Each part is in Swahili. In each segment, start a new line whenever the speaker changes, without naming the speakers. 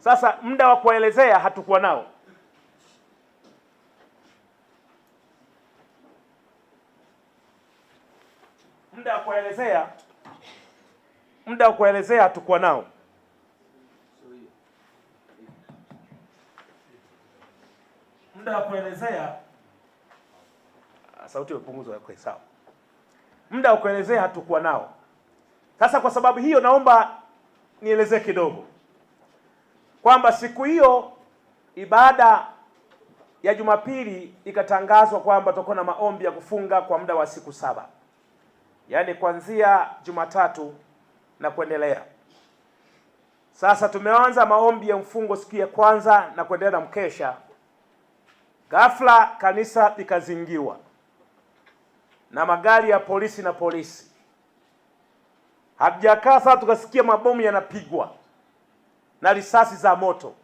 Sasa muda wa kuwaelezea hatukuwa nao. Muda wa kuwaelezea muda wa kuwaelezea hatukuwa nao. Muda wa kuelezea sauti imepunguzwa kwa sawa. Muda wa kuelezea hatukuwa nao. Sasa kwa sababu hiyo naomba nielezee kidogo kwamba siku hiyo ibada ya Jumapili ikatangazwa kwamba tutakuwa na maombi ya kufunga kwa muda wa siku saba, yaani kuanzia Jumatatu na kuendelea. Sasa tumeanza maombi ya mfungo siku ya kwanza na kuendelea na mkesha. Ghafla kanisa likazingiwa na magari ya polisi na polisi. Hatujakaa sasa tukasikia mabomu yanapigwa na risasi za moto.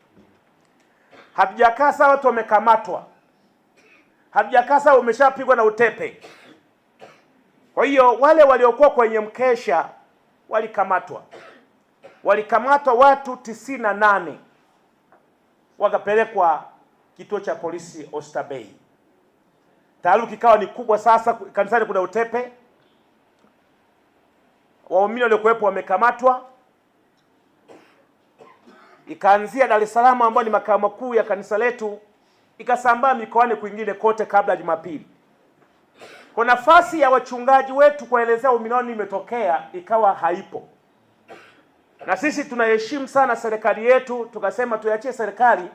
Hatujakaa saa watu wamekamatwa, hatujakaa saa umeshapigwa na utepe. Kwa hiyo wale waliokuwa kwenye mkesha walikamatwa, walikamatwa watu tisini na nane wakapelekwa kituo cha polisi Oysterbay. Taharuki ikawa ni kubwa. Sasa kanisani kuna utepe, waumini waliokuwepo wamekamatwa ikaanzia Dar es Salaam ambayo ni makao makuu ya kanisa letu ikasambaa mikoani kwingine kote kabla ya Jumapili. Kwa nafasi ya wachungaji wetu kuelezea uminoni imetokea ikawa haipo, na sisi tunaheshimu sana serikali yetu, tukasema tuiachie serikali,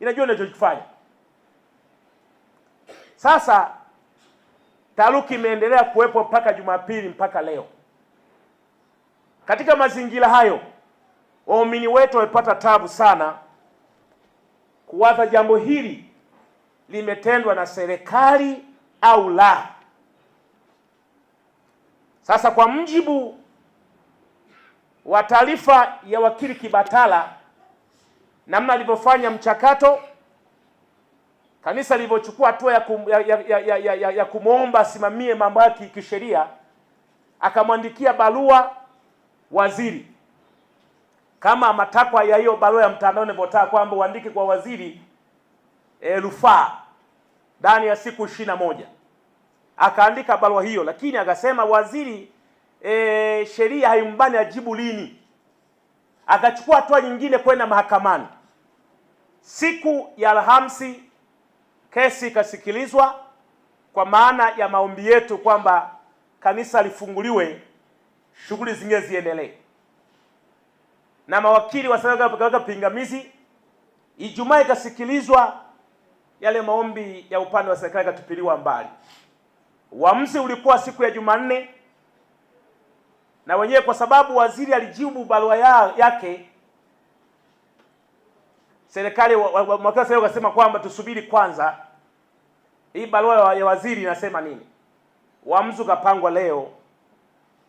inajua inachokifanya. Sasa taharuki imeendelea kuwepo mpaka Jumapili, mpaka leo. Katika mazingira hayo Waumini wetu wamepata tabu sana kuwaza jambo hili limetendwa na serikali au la. Sasa kwa mjibu wa taarifa ya wakili Kibatala, namna alivyofanya mchakato, kanisa lilivyochukua hatua ya, kum, ya, ya, ya, ya, ya, ya kumwomba asimamie mambo yake kisheria, akamwandikia barua waziri kama matakwa ya hiyo barua ya mtandaoni nilivyotaka kwamba uandike kwa waziri e, rufaa ndani ya siku ishirini na moja akaandika barua hiyo, lakini akasema waziri e, sheria haimbani ajibu lini. Akachukua hatua nyingine kwenda mahakamani. Siku ya Alhamisi kesi ikasikilizwa kwa maana ya maombi yetu kwamba kanisa lifunguliwe, shughuli zingine ziendelee na mawakili wakaweka pingamizi. Ijumaa ikasikilizwa, yale maombi ya upande wa serikali ikatupiliwa mbali. Uamuzi ulikuwa siku ya Jumanne, na wenyewe kwa sababu waziri alijibu barua ya, yake serikali mwakili wakasema kwamba tusubiri kwanza hii barua ya waziri inasema nini. Uamuzi ukapangwa leo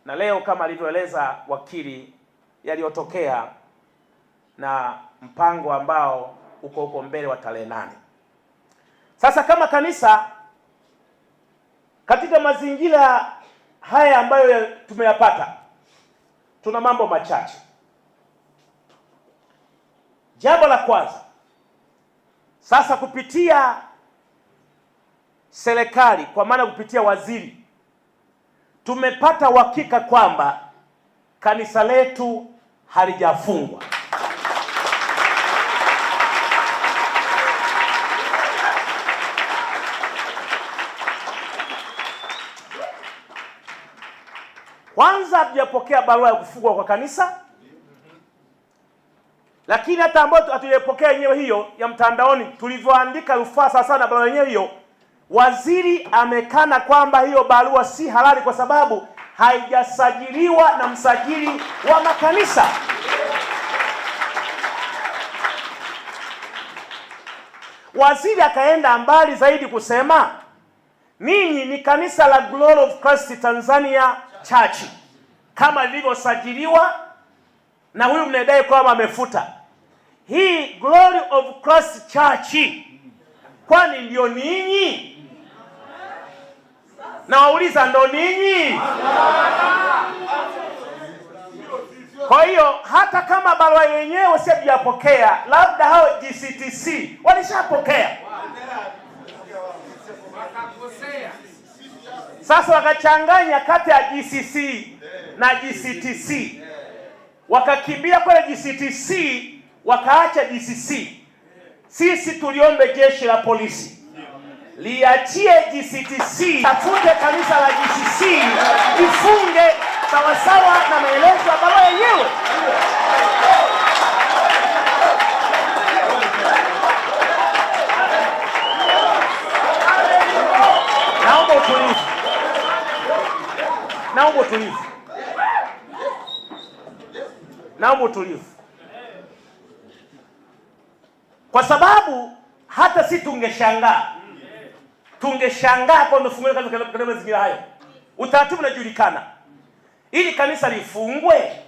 na leo kama alivyoeleza wakili yaliyotokea na mpango ambao uko huko mbele wa tarehe nane. Sasa kama kanisa katika mazingira haya ambayo tumeyapata, tuna mambo machache. Jambo la kwanza, sasa kupitia serikali, kwa maana kupitia waziri, tumepata uhakika kwamba kanisa letu halijafungwa. Kwanza hatujapokea barua ya kufungwa kwa kanisa, lakini hata ambayo hatujapokea yenyewe hiyo ya mtandaoni, tulivyoandika rufaa sawasawa na barua yenyewe hiyo, waziri amekana kwamba hiyo barua si halali kwa sababu haijasajiliwa na msajili wa makanisa. Waziri akaenda mbali zaidi kusema ninyi ni kanisa la Glory of Christ Tanzania Church kama lilivyosajiliwa na huyu mnadai kwamba amefuta hii Glory of Christ Church, kwani ndio ninyi? nawauliza ndo ninyi? Kwa hiyo hata kama barua yenyewe sijapokea, labda hao GCTC walishapokea, sasa wakachanganya kati ya GCC na GCTC, wakakimbia kule GCTC, wakaacha GCC. Sisi tuliombe jeshi la polisi liachie GCTC, tafunde kanisa la GCC jifunge sawasawa na maelezo ya baba yenyewe. Naomba utulivu, naomba utulivu, naomba utulivu kwa sababu hata si tungeshangaa tungeshangaa kwa mefungua kanisa katika mazingira hayo. Utaratibu unajulikana. Ili kanisa lifungwe,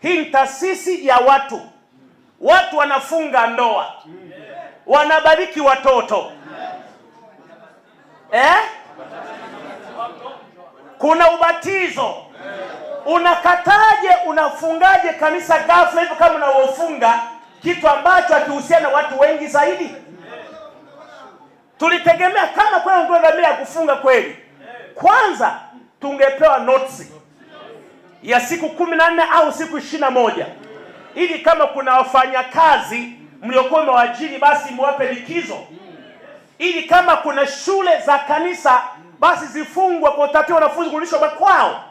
hii ni taasisi ya watu. Watu wanafunga ndoa, wanabariki watoto eh? Kuna ubatizo. Unakataje? Unafungaje kanisa ghafla hivyo, kama unaofunga kitu ambacho hakihusiana na watu wengi zaidi? Tulitegemea kama kwa ndio dhamira ya kufunga kweli, kwanza tungepewa notisi ya siku kumi na nne au siku ishirini na moja ili kama kuna wafanyakazi mliokuwa mmewaajiri basi mwape likizo, ili kama kuna shule za kanisa basi zifungwe kwa utaratibu, wanafunzi kurudishwa makwao,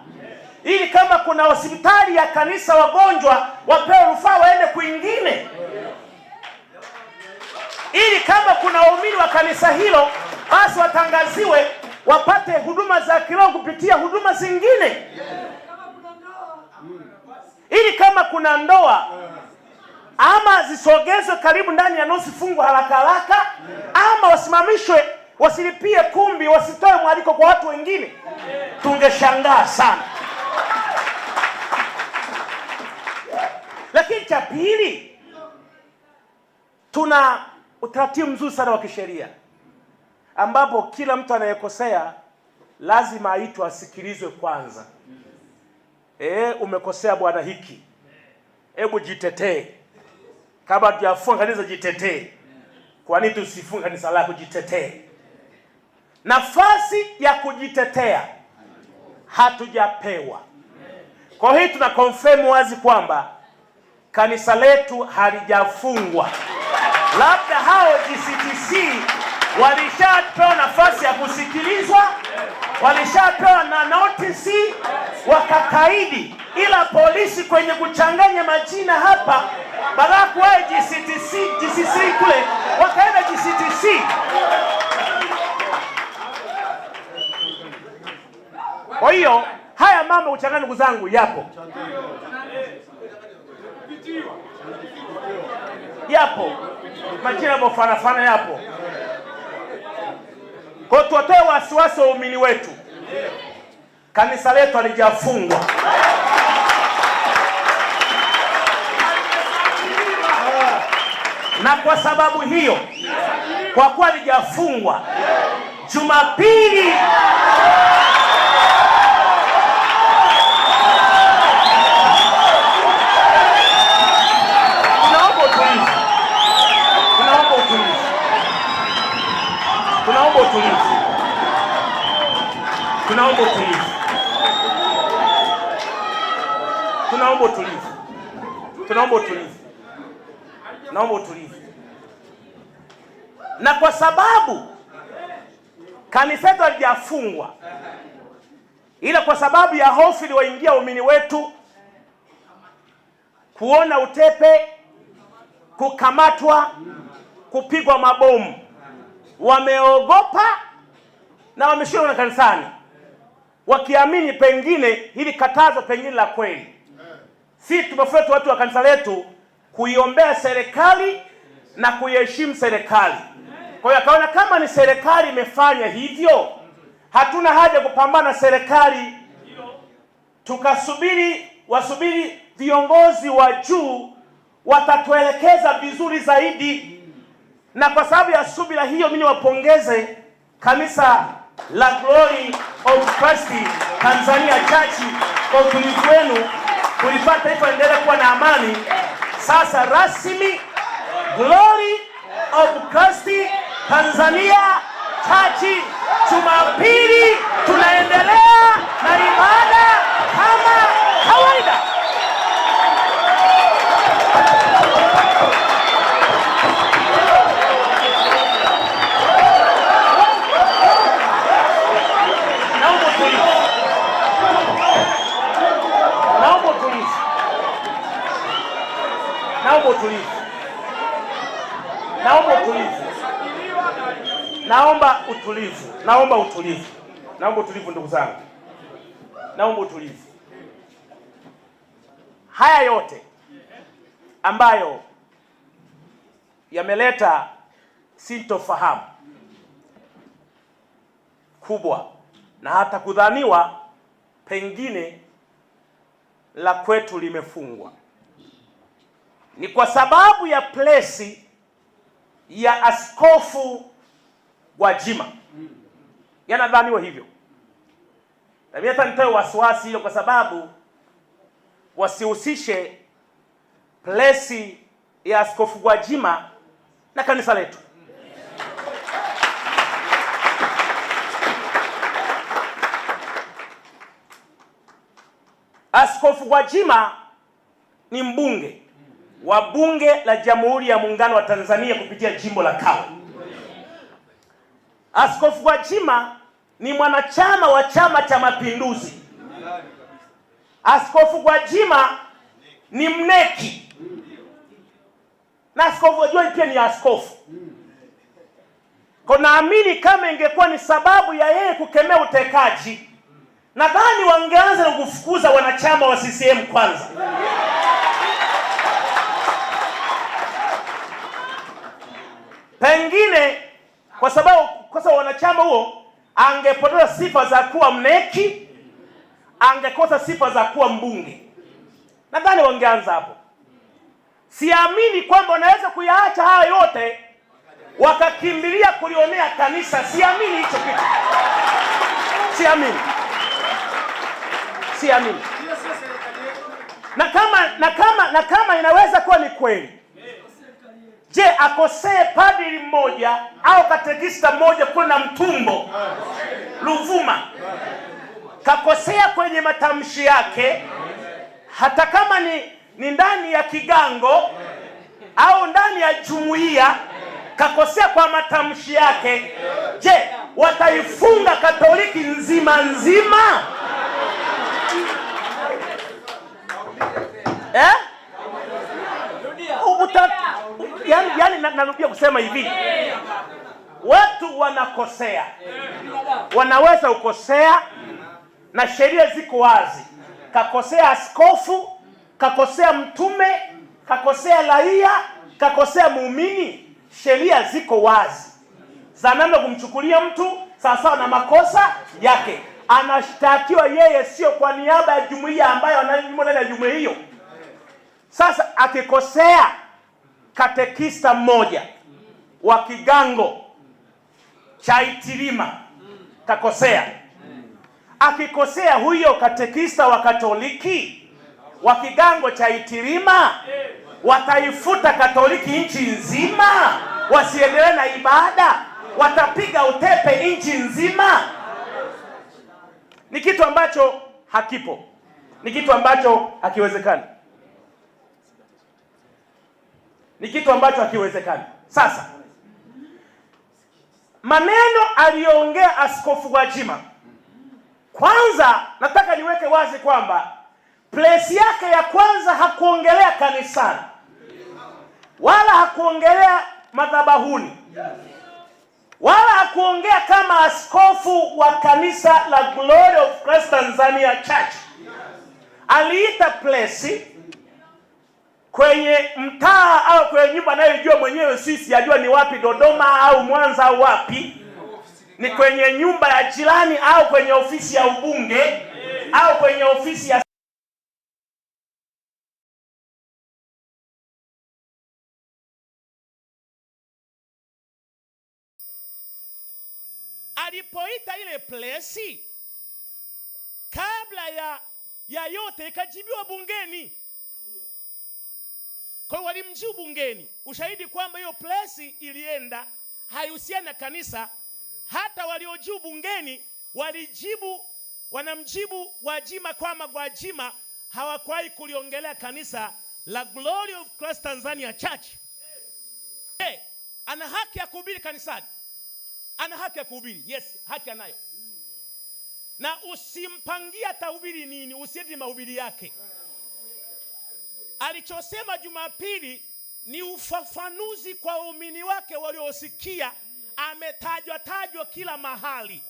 ili kama kuna hospitali ya kanisa wagonjwa wapewe rufaa waende kwingine ili kama kuna waumini wa kanisa hilo basi watangaziwe wapate huduma za kiroho kupitia huduma zingine, ili kama kuna ndoa ama zisogezwe karibu ndani ya nusu fungu haraka haraka, ama wasimamishwe wasilipie kumbi, wasitoe mwaliko kwa watu wengine, tungeshangaa sana. Lakini cha pili tuna utaratibu mzuri sana wa kisheria ambapo kila mtu anayekosea lazima aitwe asikilizwe kwanza. E, umekosea bwana hiki, hebu jitetee kabla tujafunga kanisa, jitetee. Kwa nini tusifunge kanisa lako? Jitetee. Nafasi ya kujitetea hatujapewa. Kwa hiyo tuna confirm wazi kwamba kanisa letu halijafungwa labda hao GCTC walishapewa nafasi ya kusikilizwa, walishapewa na notisi, wakakaidi. Ila polisi kwenye kuchanganya majina hapa, badala kuwahi GCTC, GCC kule wakaenda GCTC. Kwa hiyo haya mambo kuchanganya, ndugu zangu, yapo yapo Majina mafanafana yapo kwa tuwatoe wasiwasi wa umini wetu. Kanisa letu alijafungwa Na kwa sababu hiyo, kwa kuwa alijafungwa Jumapili tunaomba utulivu, tunaomba utulivu, tunaomba utulivu, tunaomba utulivu, naomba utulivu. Na kwa sababu kanisa letu halijafungwa, ila kwa sababu ya hofu iliwaingia waumini wetu kuona utepe, kukamatwa, kupigwa mabomu wameogopa na wameshindwa na kanisani, wakiamini pengine hili katazo pengine la kweli. Si tumefuata watu wa kanisa letu kuiombea serikali na kuiheshimu serikali. Kwa hiyo akaona kama ni serikali imefanya hivyo, hatuna haja ya kupambana serikali, tukasubiri wasubiri viongozi wa juu watatuelekeza vizuri zaidi. Na kwa sababu ya subira hiyo, mimi niwapongeze kanisa la Glory of Christ Tanzania Church kwa utulivu wenu kulifanya taifa endelea kuwa na amani. Sasa rasmi Glory of Christ Tanzania Church Jumapili tunaendelea na ibada kama Naomba utulivu, naomba utulivu ndugu zangu, naomba utulivu. Haya yote ambayo yameleta sintofahamu kubwa na hata kudhaniwa pengine la kwetu limefungwa ni kwa sababu ya plesi ya Askofu Gwajima yanadhaniwa hivyo. mimi hata nitoe wasiwasi hiyo kwa sababu wasihusishe plesi ya Askofu Gwajima na kanisa letu. Askofu Gwajima ni mbunge wa bunge la Jamhuri ya Muungano wa Tanzania kupitia jimbo la Kawe. Askofu Gwajima ni mwanachama wa Chama cha Mapinduzi. Askofu Gwajima ni mneki na askofu Gwajima pia ni askofu. naamini kama ingekuwa ni sababu ya yeye kukemea utekaji, nadhani wangeanza na kufukuza wanachama wa CCM kwanza. Pengine kwa sababu kwa sababu wanachama huo angepoteza sifa za kuwa mneki, angekosa sifa za kuwa mbunge. Nadhani wangeanza hapo. Siamini kwamba wanaweza kuyaacha haya yote wakakimbilia kulionea kanisa. Siamini hicho kitu, siamini, siamini. Na kama na kama na kama inaweza kuwa ni kweli Je, akosee padri mmoja au katekista mmoja kule na mtumbo Ruvuma kakosea kwenye matamshi yake, hata kama ni, ni ndani ya kigango au ndani ya jumuiya, kakosea kwa matamshi yake, je, wataifunga Katoliki nzima nzima eh? yani yani narudia kusema hivi, watu wanakosea, wanaweza ukosea na sheria ziko wazi. Kakosea askofu, kakosea mtume, kakosea raia, kakosea muumini, sheria ziko wazi za namna kumchukulia mtu sawasawa na makosa yake. Anashtakiwa yeye, sio kwa niaba ya jumuiya ambayo anaimo ndani ya jumuiya hiyo. Sasa akikosea katekista mmoja wa kigango cha Itilima kakosea. Akikosea huyo katekista wa Katoliki wa kigango cha Itilima, wataifuta Katoliki nchi nzima, wasiendelee na ibada, watapiga utepe nchi nzima. Ni kitu ambacho hakipo, ni kitu ambacho hakiwezekani. ni kitu ambacho hakiwezekani. Sasa maneno aliyoongea Askofu Gwajima, kwanza nataka niweke wazi kwamba place yake ya kwanza hakuongelea kanisani wala hakuongelea madhabahuni wala hakuongea kama askofu wa kanisa la Glory of Christ Tanzania Church. Aliita place kwenye mtaa au kwenye nyumba anayojua mwenyewe, sisi ajua ni wapi, Dodoma au Mwanza au wapi, ni kwenye nyumba ya jirani au kwenye ofisi ya ubunge au kwenye ofisi ya alipoita ile plesi, kabla ya ya yote ikajibiwa bungeni. Kwa hiyo walimjibu bungeni, ushahidi kwamba hiyo plesi ilienda haihusiani na kanisa. Hata waliojibu bungeni walijibu, wanamjibu Gwajima kwamba Gwajima hawakuwahi kuliongelea kanisa la Glory of Christ Tanzania Church. Hey, ana haki ya kuhubiri kanisani, ana haki ya kuhubiri. Yes, haki anayo, na usimpangia tahubiri nini, usiende mahubiri yake. Alichosema Jumapili ni ufafanuzi kwa waumini wake waliosikia. Ametajwa tajwa kila mahali,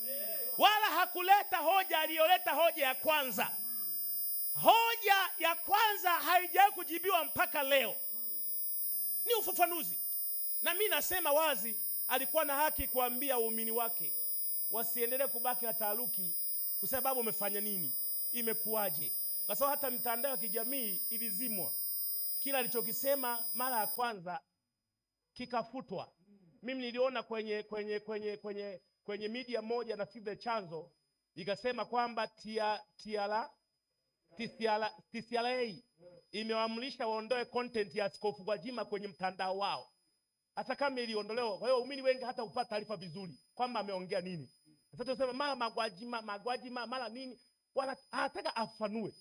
wala hakuleta hoja aliyoleta hoja ya kwanza. Hoja ya kwanza haijawahi kujibiwa mpaka leo, ni ufafanuzi. Na mimi nasema wazi, alikuwa na haki kuambia waumini wake wasiendelee kubaki na taaruki, kwa sababu umefanya nini, imekuwaje? Kwa sababu hata mitandao ya kijamii ilizimwa kila alichokisema mara ya kwanza kikafutwa. Mimi niliona kwenye kwenye kwenye kwenye kwenye media moja, nafikiri chanzo ikasema kwamba TCRA imewaamrisha waondoe content ya Askofu Gwajima kwenye mtandao wao, hata kama iliondolewa. Kwa hiyo waumini wengi hata hupata taarifa vizuri kwamba ameongea nini. Sasa tunasema mara Magwajima Magwajima mara nini, wanataka afanue,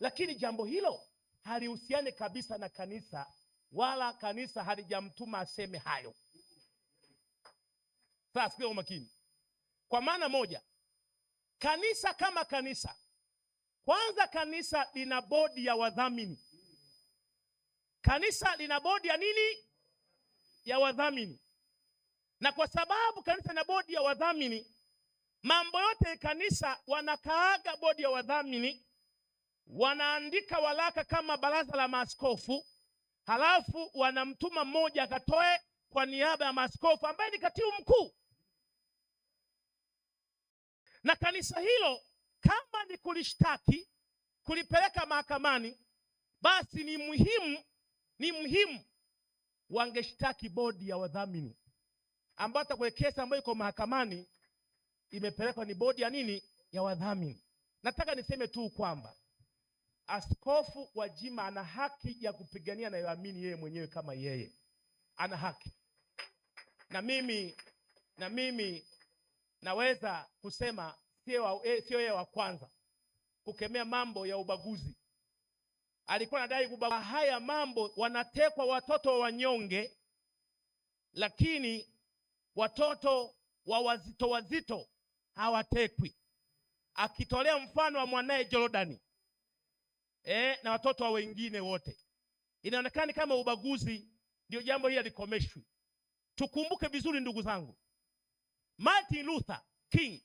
lakini jambo hilo halihusiani kabisa na kanisa, wala kanisa halijamtuma aseme hayo. Sasa sikia kwa makini. Kwa maana moja, kanisa kama kanisa, kwanza kanisa lina bodi ya wadhamini. Kanisa lina bodi ya nini? Ya wadhamini. Na kwa sababu kanisa lina bodi ya wadhamini, mambo yote kanisa wanakaaga bodi ya wadhamini wanaandika walaka kama baraza la maaskofu, halafu wanamtuma mmoja akatoe kwa niaba ya maaskofu ambaye ni katibu mkuu. Na kanisa hilo kama ni kulishtaki, kulipeleka mahakamani, basi ni muhimu, ni muhimu wangeshtaki bodi ya wadhamini, ambayo hata kwenye kesi ambayo iko mahakamani imepelekwa ni bodi ya nini, ya wadhamini. Nataka niseme tu kwamba Askofu Gwajima ana haki ya kupigania anayoamini yeye mwenyewe kama yeye ana haki, na mimi na mimi naweza kusema sio eh, yeye wa kwanza kukemea mambo ya ubaguzi. Alikuwa anadai kubagua haya mambo, wanatekwa watoto wa wanyonge, lakini watoto wa wazito wazito hawatekwi, akitolea mfano wa mwanaye Jordani eh, na watoto wa wengine wote. Inaonekana kama ubaguzi ndio jambo hili likomeshwi. Tukumbuke vizuri ndugu zangu, Martin Luther King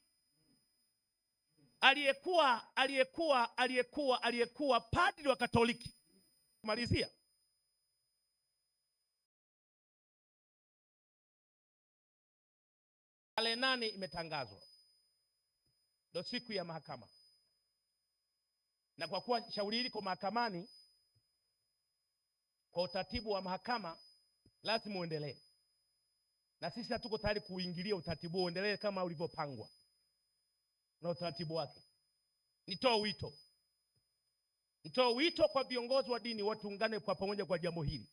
aliyekuwa aliyekuwa aliyekuwa aliyekuwa padri wa Katoliki kumalizia tarehe nane imetangazwa ndo siku ya mahakama na kwa kuwa shauri hili liko mahakamani, kwa utaratibu wa mahakama lazima uendelee, na sisi hatuko tayari kuingilia utaratibu, uendelee kama ulivyopangwa na utaratibu wake. Nitoa wito, nitoa wito kwa viongozi wa dini, watuungane kwa pamoja kwa jambo hili.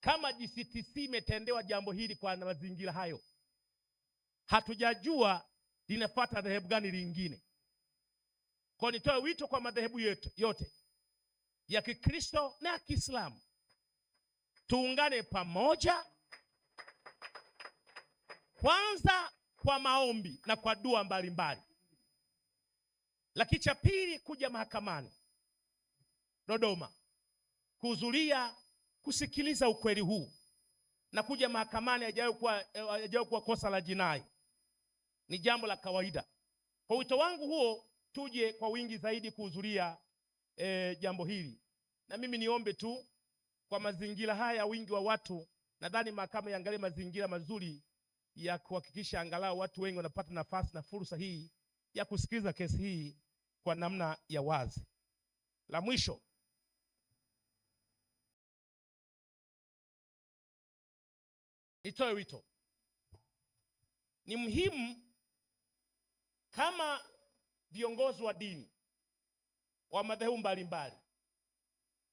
Kama JCTC imetendewa jambo hili kwa mazingira hayo, hatujajua linafuata dhehebu gani lingine kwa nitoe wito kwa madhehebu yote, yote ya Kikristo na ya Kiislamu tuungane pamoja kwanza kwa maombi na kwa dua mbalimbali, lakini cha pili kuja mahakamani Dodoma kuhudhuria kusikiliza ukweli huu na kuja mahakamani hajawahi kuwa kosa la jinai, ni jambo la kawaida. Kwa wito wangu huo tuje kwa wingi zaidi kuhudhuria e, jambo hili. Na mimi niombe tu kwa mazingira haya, wingi wa watu, nadhani mahakama iangalie mazingira mazuri ya kuhakikisha angalau watu wengi wanapata nafasi na fursa hii ya kusikiliza kesi hii kwa namna ya wazi. La mwisho nitoe wito, ni muhimu kama viongozi wa dini wa madhehebu mbalimbali,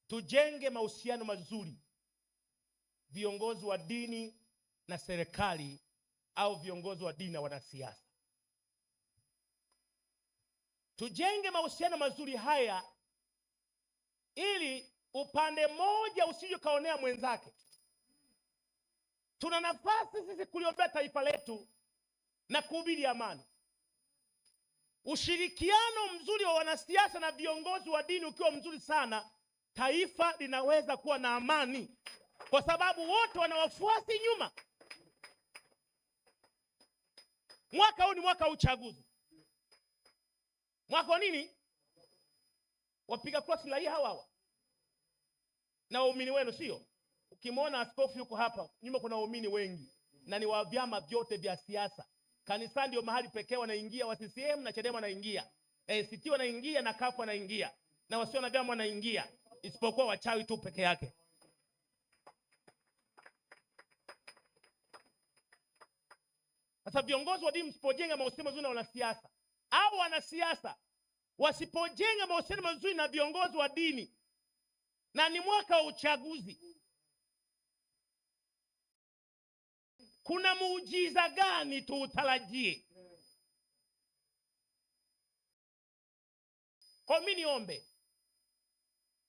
tujenge mahusiano mazuri, viongozi wa dini na serikali au viongozi wa dini na wanasiasa, tujenge mahusiano mazuri haya ili upande mmoja usije kaonea mwenzake. Tuna nafasi sisi kuliombea taifa letu na kuhubiri amani. Ushirikiano mzuri wa wanasiasa na viongozi wa dini ukiwa mzuri sana, taifa linaweza kuwa na amani, kwa sababu wote wana wafuasi nyuma. Mwaka huu ni mwaka wa uchaguzi, mwaka wa nini? Wapiga kura si raia hawa hawa na waumini wenu, sio? Ukimwona askofu yuko hapa nyuma, kuna waumini wengi na ni wa vyama vyote vya siasa. Kanisa ndio mahali pekee wanaingia wa CCM na Chadema wanaingia. ACT wanaingia na CUF wanaingia. Na wasio na vyama wanaingia isipokuwa wachawi tu peke yake. Sasa viongozi wa dini msipojenga mahusiano mazuri na wanasiasa au wanasiasa wasipojenga mahusiano mazuri na viongozi wa dini, na ni mwaka wa uchaguzi kuna muujiza gani tuutarajie? Kwa mimi niombe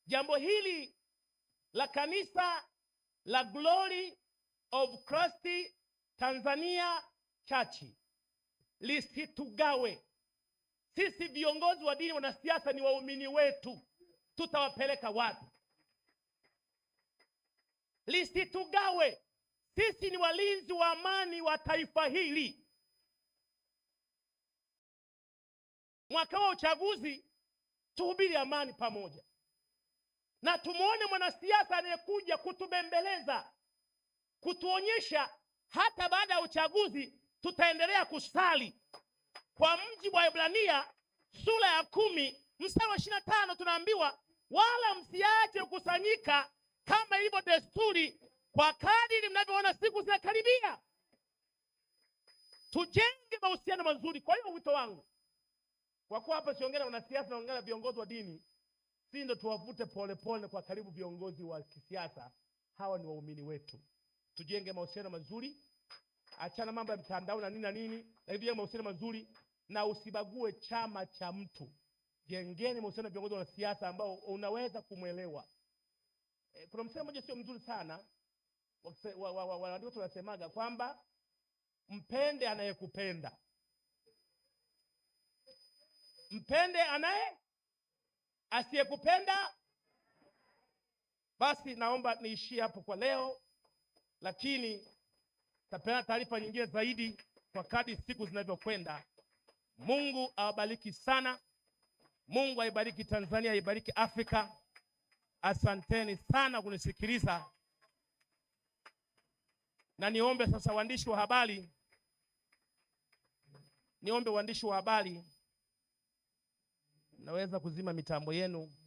jambo hili la kanisa la Glory of Christ Tanzania Church lisitugawe. Sisi viongozi wa dini, wanasiasa ni waumini wetu, tutawapeleka wapi? Lisitugawe. Sisi ni walinzi wa amani wa taifa hili. Mwaka wa uchaguzi tuhubiri amani pamoja, na tumwone mwanasiasa anayekuja kutubembeleza, kutuonyesha hata baada ya uchaguzi tutaendelea kusali kwa mjibu wa Ibrania sura ya kumi mstari wa ishirini na tano tunaambiwa wala msiache kukusanyika kama ilivyo desturi kwa kadiri mnavyoona siku zinakaribia, tujenge mahusiano mazuri. Kwa hiyo wito wangu, kwa kuwa hapa siongea na wanasiasa, naongea na viongozi wa dini, si ndo tuwavute polepole kwa karibu viongozi wa kisiasa. Hawa ni waumini wetu, tujenge mahusiano mazuri, achana mambo ya mtandao na nini na nini, lakini tujenge mahusiano mazuri na usibague chama cha mtu. Jengeni mahusiano na viongozi wa siasa ambao unaweza kumwelewa. E, kuna msemo mmoja sio mzuri sana Waandiko tunasemaga kwamba mpende anayekupenda, mpende anaye asiyekupenda. Basi naomba niishie hapo kwa leo, lakini tapeana taarifa nyingine zaidi kwa kadi siku zinavyokwenda. Mungu awabariki sana. Mungu aibariki Tanzania, aibariki Afrika. Asanteni sana kunisikiliza. Na niombe sasa waandishi wa habari, niombe waandishi wa habari, naweza kuzima mitambo yenu.